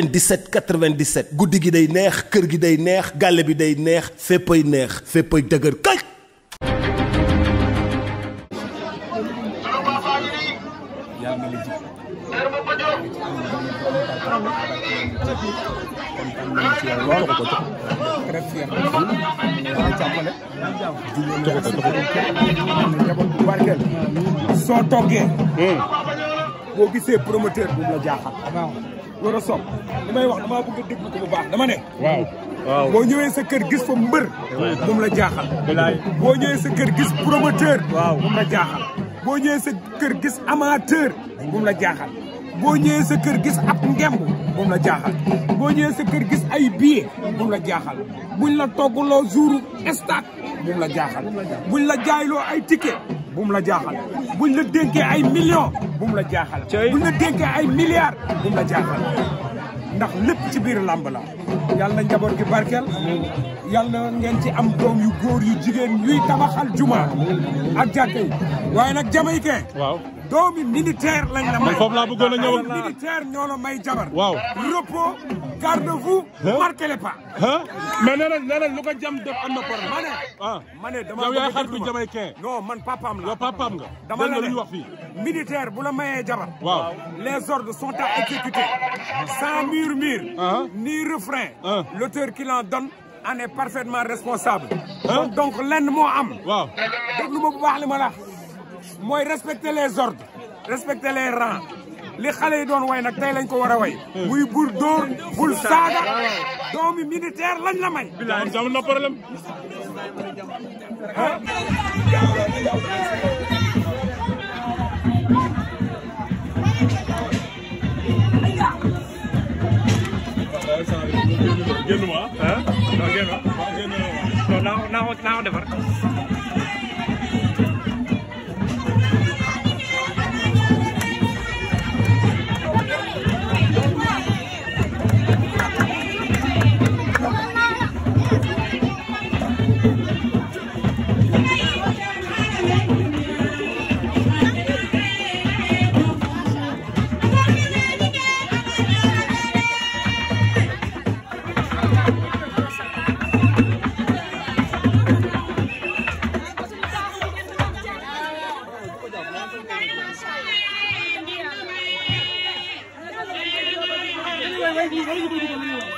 97 97 guddi gi day neex kër gi day neex gàlle bi day neex féppay neex féppay dëgër kay. soo toggee. boo gisee promoteur bu la jaaxal. war a sopp li may wax damaa bëgg a déglu ko bu baax dama ne. waaw waaw boo ñëwee sa kër gis fa mbër. moom la jaaxal. boo ñëwee sa kër gis promoteur. waaw moom la jaaxal. boo ñëwee sa kër gis amateur. moom la jaaxal. boo ñëwee sa kër gis ab ngemb moom la jaaxal boo ñëwee sa kër gis ay billet moom la jaaxal buñ la toggaloo jouru stade moom la jaaxal buñ la jaayloo ay ticket bu mu la jaaxal buñ la dénkee ay millions bu mu la jaaxal. buñ la dénkee ay milliards bu mu la jaaxal ndax lépp ci biir làmb la. yàlla na njaboot gi barkeel. na ngeen ci am doom yu góor yu jigéen yuy tabaxal juma. ak jàkka yi waaye nag jamaïcain. waaw doomi militaire lañ la may. foofu laa bëggoon a ñëwoon militaire ñoo may jabar. waaw repos. Gardez-vous, marquez les pas. mais nee nañ nee nañ lu jam def am na problème. ma ne ah ma ne dama non man papaam la. yow papaam nga. dama la ne wax fii. militaire bu la mayee jabar. waaw les ordres sont à exécuter. sans murmure. Ah. ni refrain. Ah. l'auteur qui l'en donne en est parfaitement responsable. Ah. donc lenn moo am. waaw déglu ma bu baax li ma la mooy respecter les ordres. respecter les rangs. li xale yi doon way nag tey ko war a way. muy bul dóor bul saaga. doomi militaire lañ la may. bilaay am na naa naa naa ko defar. wait, wait, wait, wait, wait, wait, wait, wait.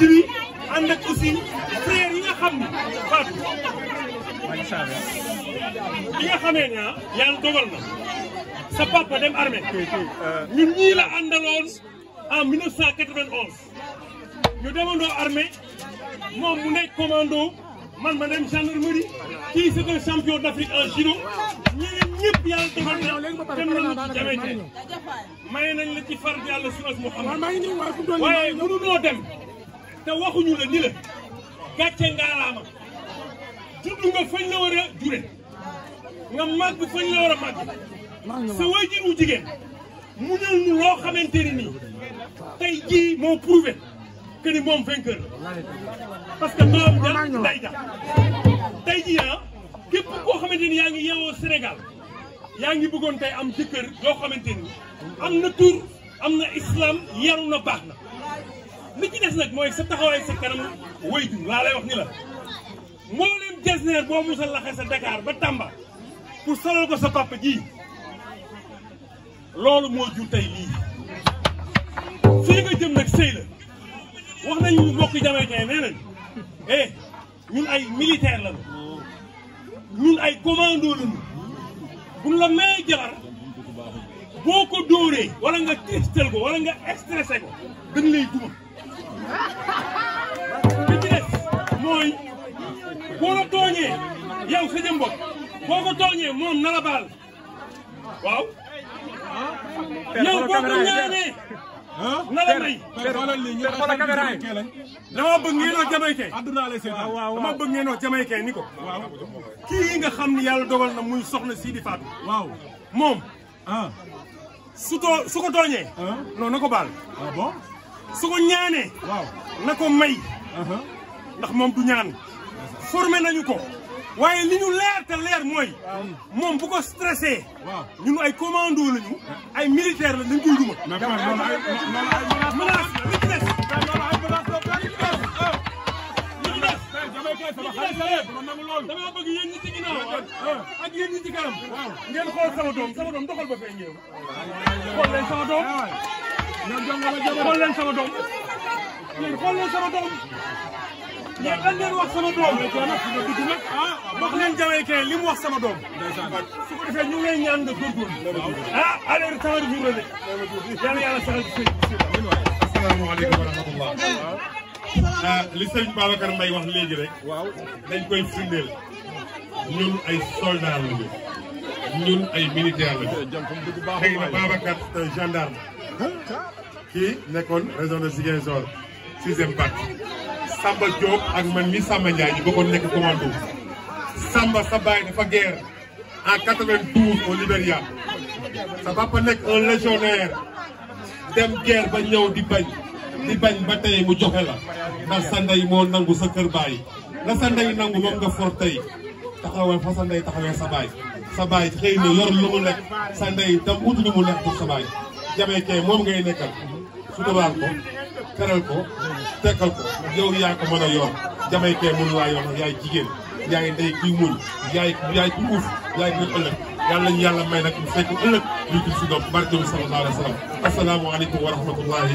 Jibi ànd ak aussi frère yi nga xam ne Fatou. li nga xamee ne ah dogal na sa papa dem armée euh, ñun ñii la àndaloon en 1991 ñu demandoo armée moom mu nekk commando man ma dem gendarmerie kii c'est un champion d'Afrique en judo ñeneen ñëpp yàlla dogal na dem nañu ci jamee may nañ la ci far yàlla suras Muhammad waaye mënu noo dem te waxuñu la ni la gàcce ngaalaama juddu nga fañ la war a jure nga màgg fañ la war a màgg sa waajur wu jigéen mu ñëw ñu loo xamante ni nii tey jii moo prouvé que ni moom vainqueur parce que maam ja nday ja tey jii ah képp koo xamante ni yaa ngi yeewoo Sénégal yaa ngi bëggoon tey am jëkkër yoo xamante ni am na tur am na islam yaru na baax na li ci des nag mooy sa taxawaay sa kanam waytu laa lay wax ni la moo leen desneer boo musa laxe sa Dakar ba Tamba pour solal ko sa papa ji loolu moo jur tey lii fii nga jëm nag sëy la wax nañu mbokk jamaïcain nee nañ eh ñun ay militaire lañu ñun ay commando lañu buñ la may jabar boo ko dóoree wala nga tiistal ko wala nga stressé ko dañ lay duma li ci des mooy boo la tooñee yow sa boo ko tooñee moom na la baal waaw. yow boo ko ñaanee na la may. per xoolal caméra yi dama bëgg ngeen oo jamaykee. adduna lay ni ko. waaw kii nga xam ni yàlla dogal na muy soxna Sidi Fatou. waaw moom. su ko tooñee. non na ko su ko ñaanee. waaw na ko may. ndax moom du ñaan. formé nañu ko. waaye li ñu leer te leer mooy. moom bu ko stressé. ñun ay commando lañu. ay militaire la dañ koy duma. mais man loolu ay loolu dama bëgg yéen ñi ci ginnaaw ak yéen ñi ci kanam. ngeen xool sama doom sama doom doxal ba fee ñëw. xool leen sama doom. xool leen sama doom yéen xool leen sama doom yéen lan leen wax sama doom ah wax leen jamaïcain li mu wax sama doom su ko defee ñu ngi lay ñaan nga góorgóorlu ah allez tawari jour de yàlla yàlla saxal ci sëñ asalaamaaleykum wa rahmatullah ah, li sëriñ Babacar Mbaye wax léegi rek waaw dañ koy firndeel ñun ay soldat lañu ñun ay militaire lañu xëy na Babacar gendarme kii nekkoon région de Ziguinchor sixième bat Samba Diop ak man mi Samba Ndiaye ñu bokkoon nekk commando Samba sa baay dafa guerre en 92 au Libéria sa papa nekk un légionnaire dem guerre ba ñëw di bañ di bañ ba tey mu joxe la ndax sa ndey moo nangu sa baay la sa nangu moom nga for tey taxawal fa sa taxawee sa baay xëy na yor lu mu lekk sa ndey ut lu mu lekk pour jamaïcain moom ngay nekkal suturaal ko teral ko tekkal ko yow yaa ko mën a yor jamaïcain mënu laa yor yaay jigéen yaay ndey kuy muñ yaay yaay ku uuf yaay kuy ëllëg yàlla ñu yàlla may nag ñu fekk ëllëg ñu gis si doom barke bi sallallahu alayhi wa sallam asalaamaaleykum wa rahmatullahi